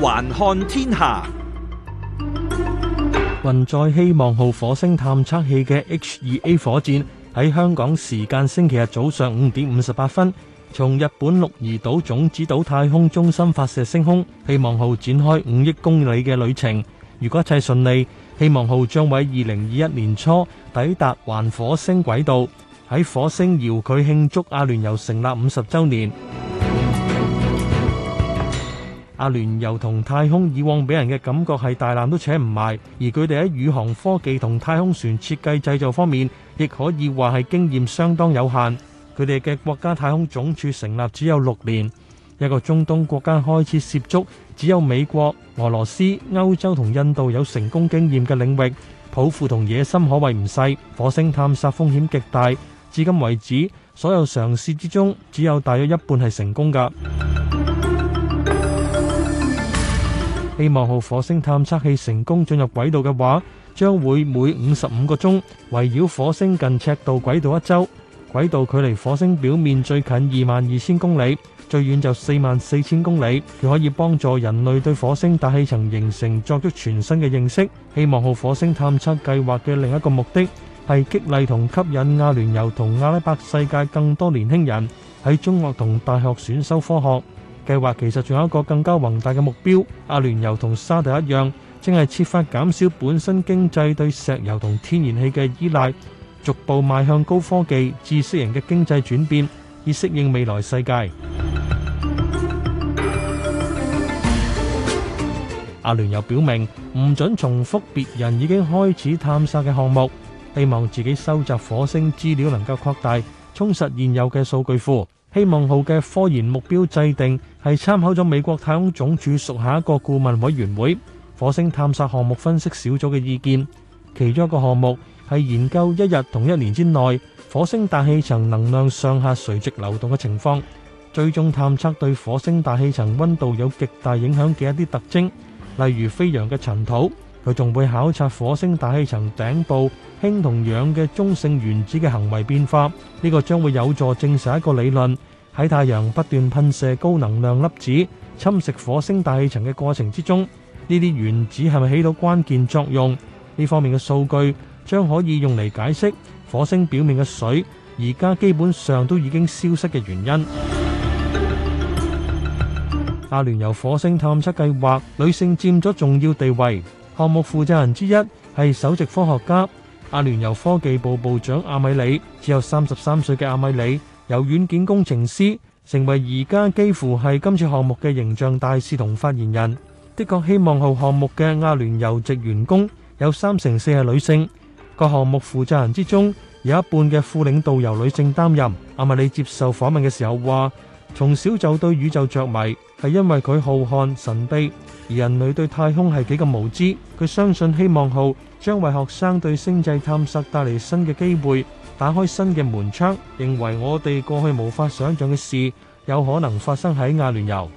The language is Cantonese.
環看天下，運載希望號火星探測器嘅 H2A 火箭喺香港時間星期日早上五點五十八分，從日本鹿兒島種子島太空中心發射升空。希望號展開五億公里嘅旅程。如果一切順利，希望號將喺二零二一年初抵達環火星軌道。喺火星遙距慶祝阿聯酋成立五十周年。阿聯酋同太空以往俾人嘅感覺係大纜，都扯唔埋，而佢哋喺宇航科技同太空船設計製造方面，亦可以話係經驗相當有限。佢哋嘅國家太空總署成立只有六年，一個中東國家開始涉足，只有美國、俄羅斯、歐洲同印度有成功經驗嘅領域，抱負同野心可謂唔細。火星探索風險極大。至今為止，所有嘗試之中，只有大約一半係成功噶。希望號火星探測器成功進入軌道嘅話，將會每五十五個鐘圍繞火星近赤道軌道一周，軌道距離火星表面最近二萬二千公里，最遠就四萬四千公里。佢可以幫助人類對火星大氣層形成作出全新嘅認識。希望號火星探測計劃嘅另一個目的，係激勵同吸引阿聯酋同阿拉伯世界更多年輕人喺中學同大學選修科學計劃。其實仲有一個更加宏大嘅目標：阿聯酋同沙特一樣，正係設法減少本身經濟對石油同天然氣嘅依賴，逐步邁向高科技、知識型嘅經濟轉變，以適應未來世界。阿聯酋表明唔准重複別人已經開始探索嘅項目。希望自己收集火星資料能夠擴大充實現有嘅數據庫。希望號嘅科研目標制定係參考咗美國太空總署屬下一個顧問委員會「火星探索」項目分析小組嘅意見。其中一個項目係研究一日同一年之內火星大氣層能量上下垂直流動嘅情況。最終探測對火星大氣層溫度有極大影響嘅一啲特徵，例如飛揚嘅塵土。佢仲會考察火星大氣層頂部氫同氧嘅中性原子嘅行為變化，呢個將會有助證實一個理論：喺太陽不斷噴射高能量粒子侵蝕火星大氣層嘅過程之中，呢啲原子係咪起到關鍵作用？呢方面嘅數據將可以用嚟解釋火星表面嘅水而家基本上都已經消失嘅原因。阿聯酋火星探測計劃女性占咗重要地位。項目負責人之一係首席科學家、阿聯酋科技部部長阿米里。只有三十三歲嘅阿米里由軟件工程師，成為而家幾乎係今次項目嘅形象大使同發言人。的確，希望號項目嘅阿聯酋籍員工有三成四係女性。各項目負責人之中，有一半嘅副領導由女性擔任。阿米里接受訪問嘅時候話，從小就對宇宙着迷，係因為佢浩瀚神秘。而人類對太空係幾咁無知，佢相信希望號將為學生對星際探索帶嚟新嘅機會，打開新嘅門窗，認為我哋過去無法想象嘅事有可能發生喺阿聯酋。